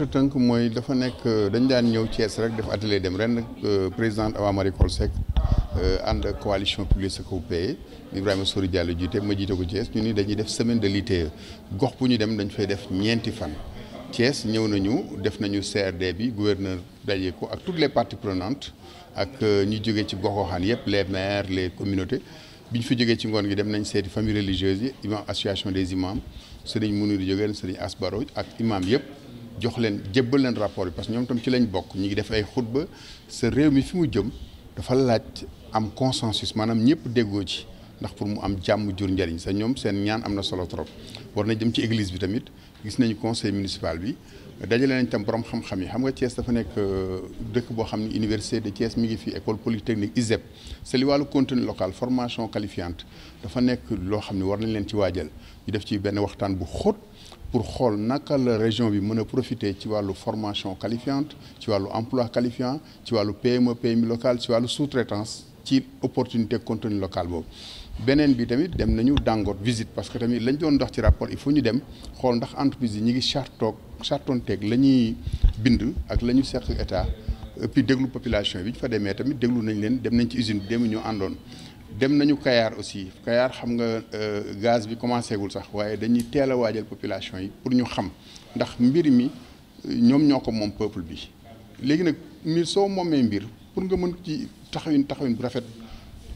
gàtt tënk mooy dafa nekk dañ daan ñëw cees rek def atelier dem ren euh, présidente Awa Marie Coll Seck euh, ànd ak coalition Public Secou Payé Ibrahima Sori Diallo jiite ma jiite ko Thiès ñu nii dañuy def semaine de l'ITIE gox bu ñu dem dañ fay def ñeenti fan cees ñëw nañu def nañu CRD bi gouverneur daje ko ak toutes les parties prenantes ak euh, ñu jógee ci gox-goxaan yëpp le maires les communautés bi ñu fi jógee ci ngoon gi dem nañ seeti famille religieuse yi imam association des imams sëriñ Mounir Diogène sëriñ ak imam yëpp jox leen jébbal leen rapport bi parce que ñoom tam ci lañ bokk ñu ngi def ay xutba sa réew mi fi mu jëm dafa laaj am consensus maanaam ñëpp déggoo ci ndax pour mu am jàmm jur njariñ sa ñoom seen ñaan am na solo trop war na jëm ci église bi tamit gis nañu conseil municipal bi dajale nañ tam borom xam-xam yi xam nga Thiès dafa nekk euh, dëkk boo xam ne université de Thiès mi ngi fi école polytechnique ISEP c'est li wàllu contenu local formation qualifiante dafa nekk loo xam ne war nañ leen ci waajal def ci benn waxtaan bu xóot pour xool naka la région bi mën a profiter ci wàllu formation qualifiante ci wàllu emploi qualifiant ci wàllu PME PMI local ci wàllu sous-traitance ci opportunité contenu local boobu beneen bi tamit dem nañu dàngoot visite parce que tamit lañ doon dox ci rapport il faut ñu dem xool ndax entreprise yi ñu ngi chartoog chartonteeg la ñuy bind ak la ñu seq état et déglu population bi ñu fa demee tamit déglu nañ leen dem nañ ci usine bi dem ñu àndoon dem nañu kayaar aussi kayaar xam nga euh, gaz bi commencé gul sax waaye dañuy teel a waajal population yi pour ñu xam ndax mbir mi euh, ñoom ñoo ko moom peuple bi léegi nag mbir soo moomee mbir pour nga mën ci taxawin taxawin bu rafet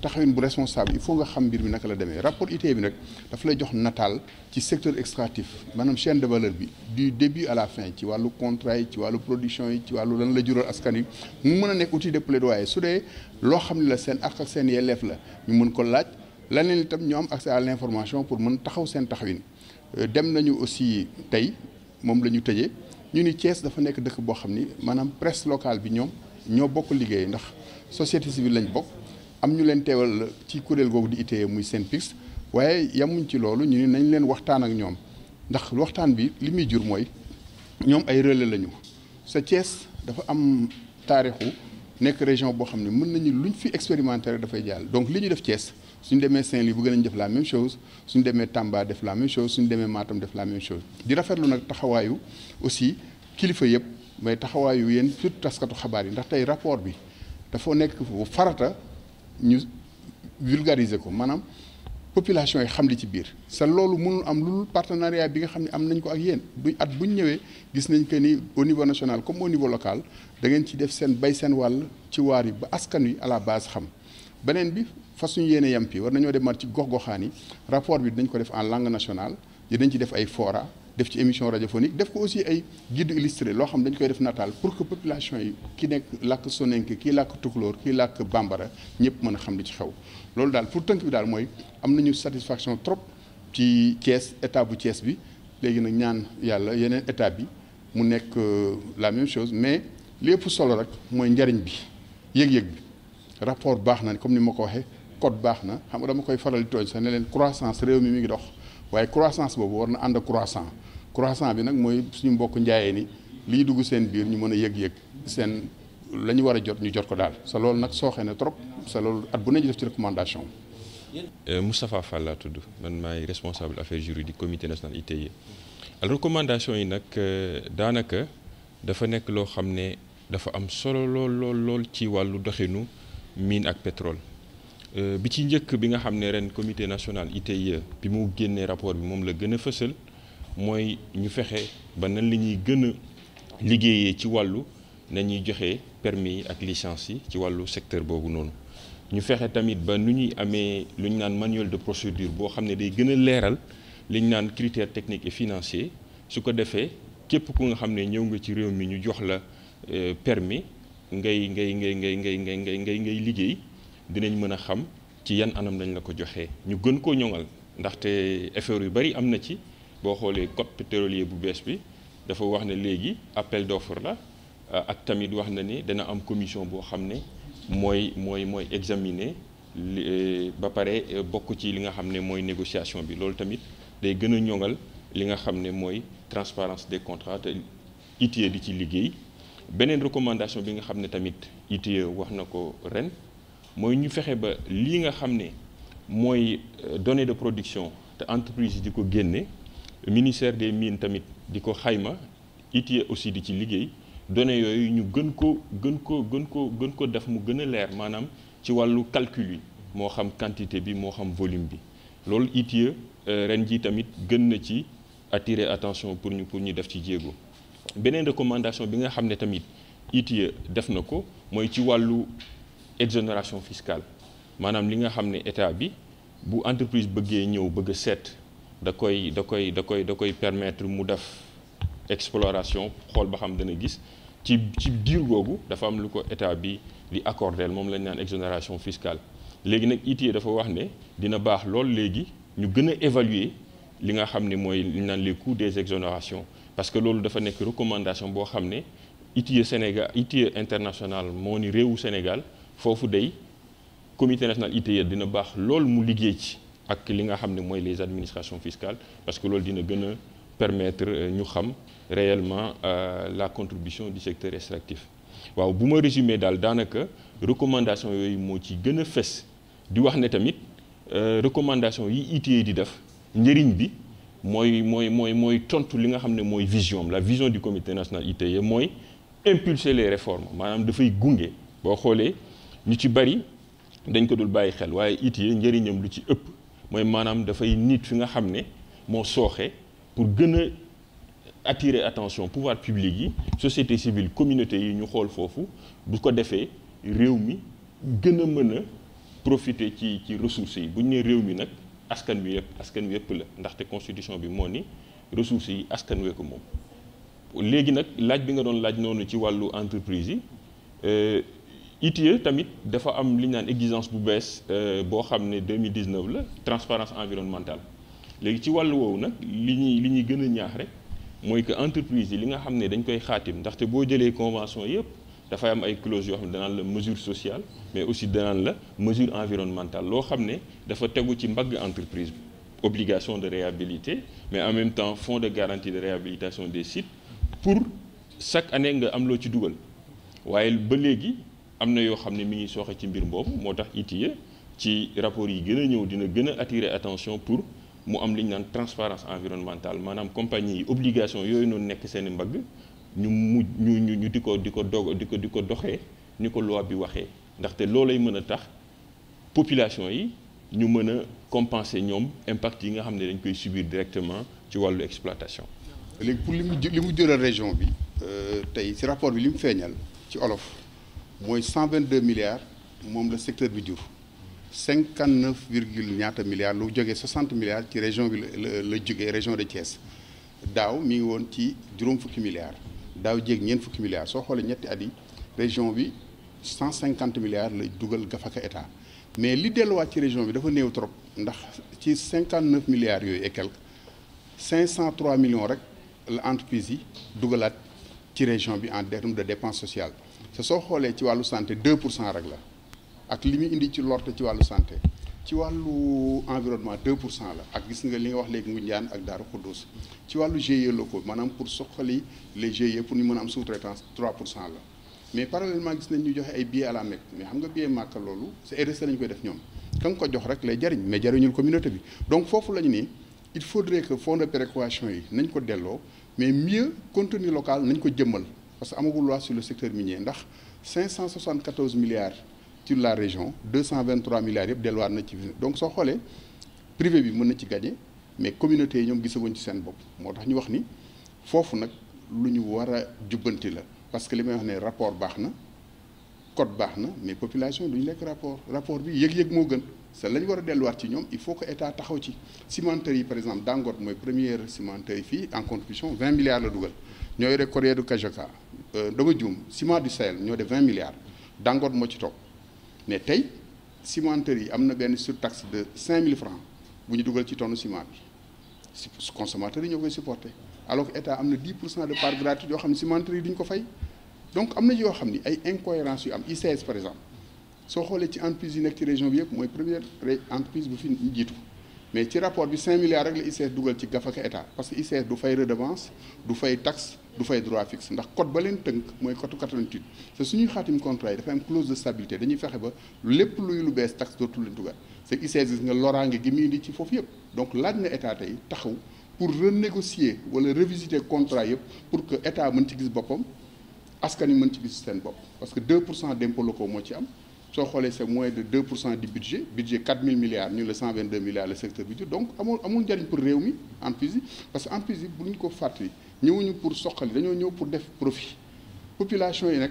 taxawin bu responsable il faut nga xam mbir mi naka la demee rapport ITIE bi nag dafa lay jox nataal ci secteur extractif maanaam chaîne de valeur bi du début à la fin ci wàllu contrat yi ci wàllu production yi ci wàllu lan la jural askan yi mu mën a nekk outil de plaidoyer su dee loo xam ne la seen ak ak seen yelleef la ñu mën ko laaj leneen itam ñu am accès à l' information pour mën taxaw seen taxawin euh, dem nañu aussi tey moom la ñu tëjee ñu ni Thiès dafa nekk dëkk boo xam ni maanaam presse locale bi ñoom ñoo bokk liggéey ndax société civile lañ bokk. am ñu leen teewal ci kuréel googu di itee muy SYNPICS waaye yamuñ ci loolu ñu ne nañ leen waxtaan ak ñoom ndax waxtaan bi li muy jur mooy ñoom ay relais lañu sa cees dafa am taarixu nekk région boo xam ne mën nañu luñ fi expérimenté dafay jàll donc li ñu def cees suñ demee Saint-Louis bëgg nañ def la même chose suñ demee Tamba def la même chose suñ demee Matam def la même chose di rafetlu nag taxawaayu aussi kilifa yëpp mais taxawaayu yéen surtout taskatu xabaar yi ndax tey rapport bi ñu vulgariser ko maanaam population yi xam li ci biir sa loolu mënul am lu partenariat bi nga xam ne am nañ ko ak yéen du at bu ñu ñëwee gis nañ que ni au niveau national comme au niveau local da ci def seen bay seen wàll ci waar yi ba askan wi à la base xam beneen bi fas ñu yéene yampi war nañoo demaat ci gox-goxaan yi rapport bi dañ ko def en langue nationale dinañ ci def ay fora def ci émission radiophonique def ko aussi ay guide illustré loo xam dañ koy def nataal pour que population yi ki nekk làkk Soninké kii làkk Tukulóor kii làkk Bambara ñëpp mën a xam li ci xew loolu daal pour tënk bi daal mooy am nañu satisfaction trop ci Thiès état bu Thiès bi léegi nag ñaan yàlla yeneen état bi mu nekk euh, la même chose mais li ëpp solo rek mooy njariñ bi yëg-yëg bi rapport baax na comme ni ma ko waxee code baax na xam nga dama koy faral di tooñ sax ne leen croissance réew mi mi ngi dox waaye croissance boobu war na ànd ak croissant croissant bi nag mooy suñu mbokk njaayee ni lii dugg seen biir ñu mën a yëg-yëg seen la ñu war a jot ñu jot ko daal sa loolu nag sooxee na trop sa loolu at bu ne ñu def ci recommandation euh, Moustapha Fall laa tudd man maay responsable affaires juridiques comité national ITIE alors recommandation yi nag euh, daanaka dafa nekk loo xam ne dafa am solo lool lool lool ci wàllu doxinu mine ak pétrole Euh, bi ci njëkk bi nga xam ne ren comité national ITIE bi mu génnee rapport bi moom la gën a fësal mooy ñu fexe ba nan la ñuy gën a liggéeyee ci wàllu na ñuy joxe permis yi ak licence yi ci wàllu secteur boobu noonu ñu fexe tamit ba nu ñuy amee lu ñu naan manuel de procédure boo xam ne day gën a leeral li ñu naan critères techniques et financiers su ko defee képp ku nga xam ne ñëw nga ci réew mi ñu jox la euh, permis ngay ngay ngay ngay ngay ngay ngay ngay liggéey dinañ mën a xam ci yan anam lañ la ko joxe ñu gën koo ñoŋal ndaxte effort yu bari am na ci boo xoolee code pétrolier bu bees bi dafa wax ne léegi appel d'offre la euh, ak tamit wax na ni dana am commission boo xam ne mooy mooy mooy examiner euh, ba pare euh, bokk ci li nga xam ne mooy négociation bi loolu tamit day gën a ñoŋal li nga xam ne mooy transparence des contrats te ITIE di ci liggéey beneen recommandation bi nga xam ne tamit ITIE wax na ko ren mooy ñu fexe ba lii nga xam ne mooy euh, données de production te entreprise yi di ko génne ministère des mines tamit di ko xayma ITIE aussi di ci liggéey données yooyu ñu gën ko gën ko gën ko gën ko def mu gën a leer maanaam ci wàllu calcul yi moo xam quantité bi moo xam volume bi loolu ITIE euh, ren jii tamit gën na ci attirer attention pour ñu pour ñu def ci jéego beneen recommandation bi nga xam ne tamit ITIE def na ko mooy ci wàllu exonération fiscale maanaam li nga xam ne état bi bu entreprise bëggee ñëw bëgg a seet da koy da koy da koy da koy permettre mu def exploration xool ba xam dana gis ci ci diir googu dafa am lu ko état bi di accordeel moom lañ naan exonération fiscale léegi nag it ITIE dafa wax ne dina baax lool léegi ñu gën a évaluer li nga xam ne mooy li ñu naan les coûts des exonérations parce que loolu dafa nekk recommandation boo xam ne ITIE Sénégal ITIE international moo ni réewu Sénégal foofu day comité national ITIE dina baax lool mu liggéey ci ak li nga xam ne mooy les administrations fiscales parce que loolu dina gën a permettre euh, ñu xam réellement euh, la contribution du secteur extractif waaw bu ma résumé daal daanaka recommandation yooyu moo ci gën a fes di wax ne tamit euh, recommandation yi ITIE di def njëriñ bi mooy mooy mooy mooy tontu li nga xam ne mooy vision la vision du comité national ITIE mooy impulser les reformes maanaam dafay gunge boo xoolee ñu ci bari dañ ko dul bàyyi xel waaye it yi njëriñam lu ci ëpp mooy maanaam dafay nit fi nga xam ne moo sooxee pour gën a attirer attention pouvoir public yi société civile communauté yi ñu xool foofu bu ko defee réew mi gën a mën a profiter ci ci ressources yi bu ñu nee réew mi nag askan wi yëpp askan wi yëpp la ndaxte constitution bi moo ni ressources yi askan wee ko moom léegi nag laaj bi nga doon laaj noonu ci wàllu entreprise yi euh, ITIE tamit dafa am li ñu naan exigence bu bees euh, boo xam ne 2019 la transparence environnementale léegi ci wàllu woowu nag li ñuy li ñuy gën a ñaax rek mooy que entreprise yi li nga xam ne dañ koy xaatim ndaxte boo jëlee convention yëpp dafay am ay clause yoo xam ne danaan la mesure sociale mais aussi danaan la mesure environnementale loo xam ne dafa tegu ci mbagg entreprise bi obligation de réhabiliter mais en même temps fonds de garantie de réhabilitation des sites pour chaque année nga am loo ci dugal am na yoo xam ne mi ngi sooxe ci mbir mboobu moo tax ITIE ci rapport yi gën a ñëw dina gën a attirer attention pour mu am li ñu naan transparence environnementale maanaam compagnie yi obligation yooyu noonu nekk seen mbagg ñu mu ñu ñu di ko di ko dog di ko di ko doxee ni ko loi bi waxee ndaxte loolay mën a tax population yi ñu mën a compenser ñoom impact yi nga xam ne dañ koy subir directement ci wàllu exploitation. léegi pour li mu li mu jëlal région bi euh, tey si rapport bi li feeñal ci olof. mooy 122 milliards moom la secteur bi jur 59 virgule ñaata milliards lu jógee 60 milliards ci région bi la la jógee région de Thiès daaw mi ngi woon ci juróom fukki milliards daaw jéeg ñeent fukki milliards soo xoolee ñetti at région bi 150 milliards la dugal gafaka état mais li delluwaat ci région bi dafa néew trop ndax ci 59 milliards yooyu et quelque 503 millions rek la entreprise yi dugalaat. ci région bi en derme de dépense sociale te soo xoolee ci wàllu santé 2 pour cent rek la ak li mu indi ci lorte ci wàllu santé ci wàllu environnement 2 pour cent la ak gis nga li nga wax léegi Ngoundiane ak Darou Khoudoss ci wàllu GIE locaux maanaam pour soxali les GIE pour ñu mën am sous-traitance 3 pour cent la mais parallèlement gis nañ ñu joxe ay billets à la Mecque mais xam nga billet Màkka loolu c'est RSE lañ koy def ñoom ka nga ko jox rek lay jariñ mais jariñul communauté bi donc foofu la ñu nii il faudrait que fonds de péréquation yi nañ ko delloo mais mieux contenu local nañ ko jëmmal parce que amagul waa sur le secteur minier ndax 574 milliards ci la région 223 milliards yëpp delluwaat na ci donc soo xoolee privé bi mën na ci gagné mais communauté yi ñoom gisaguñ ci seen bopp moo tax ñu wax ni foofu nag lu ñu war a jubbanti la parce que li may wax ne rapport baax na code baax na mais population ñu lekk rapport rapport bi yëg-yëg moo gën c'est la ñu war a delluwaat ci ñoom il faut que état taxaw ci cimenterie yi par exemple Dangote mooy première cimenterie fii en contribution 20 milliards la dugal ñoo yore Corée du Kajaka euh, dama juum ciment ñoo def 20 milliards Dangote moo ci topp mais tey cimenterie yi am na benn sur tax de 5000 francs bu ñu dugal ci tonne ciment bi su consommateurs yi ñoo koy supporter alors que état am na 10 pour cent de part gratuite yoo xam ne cimenterie yi du ñu ko fay donc am na yoo xam ni ay incohérences yu am ICS par exemple. soo xoolee ci entreprise yi nekk ci région bi yëpp mooy première entreprise bu fi jiitu mais ci rapport bi 5 milliards rek la ICS dugal ci gafaka état parce que ICS du fay redevance du fay taxe du fay droit fixe ndax code ba leen tënk mooy code 88 te suñuy xaatim contrat am clause de stabilité dañuy fexe ba lépp luy lu bees taxe dootul leen dugal c'est ICS gis nga loraange gi muy di ci foofu yëpp donc laaj na état tey taxaw pour renégocier wala revisiter contrat yëpp pour que état mën ci gis boppam askan yi mën ci gis seen bopp parce que 2 pour cent d'impôts locaux ci am soo xoolee c'est moins de 2 pour cent du budget budget 4000 milliards ñu la 122 milliards le secteur bi jur donc amul amul njariñ pour réew mi en plus parce que en plus bu ñu ko fàttali ñëwuñu pour soqali dañoo ñëw pour def profit population yi nag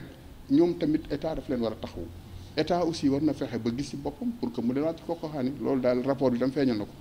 ñoom tamit état daf leen war a taxawu état aussi war na fexe ba gis ci boppam pour que mu delluwaat ci kooku xaani loolu daal rapport bi tam feeñal na ko.